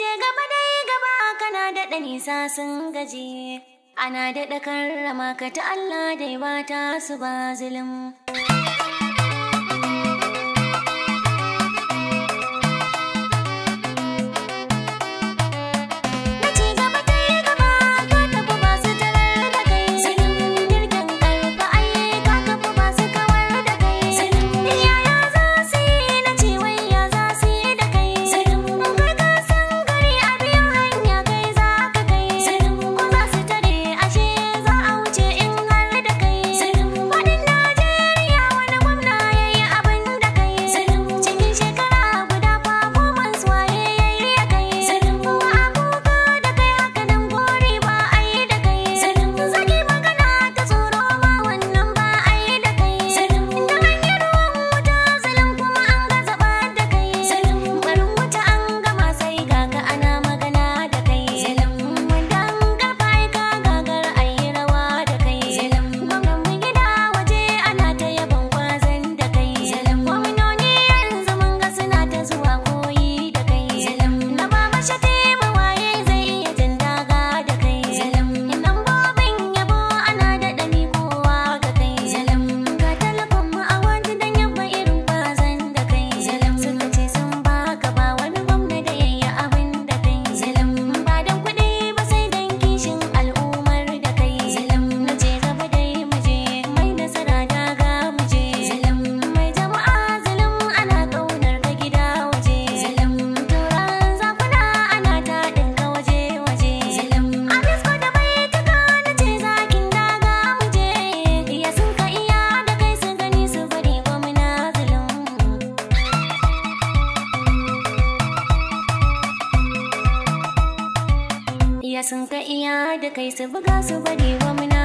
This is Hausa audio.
je gaba dai gaba kana daɗa nisa sun gaji ana daɗa karrama ka ta Allah dai ba ta su ba zulum. sun ka iya da kai su buga su bari wa muna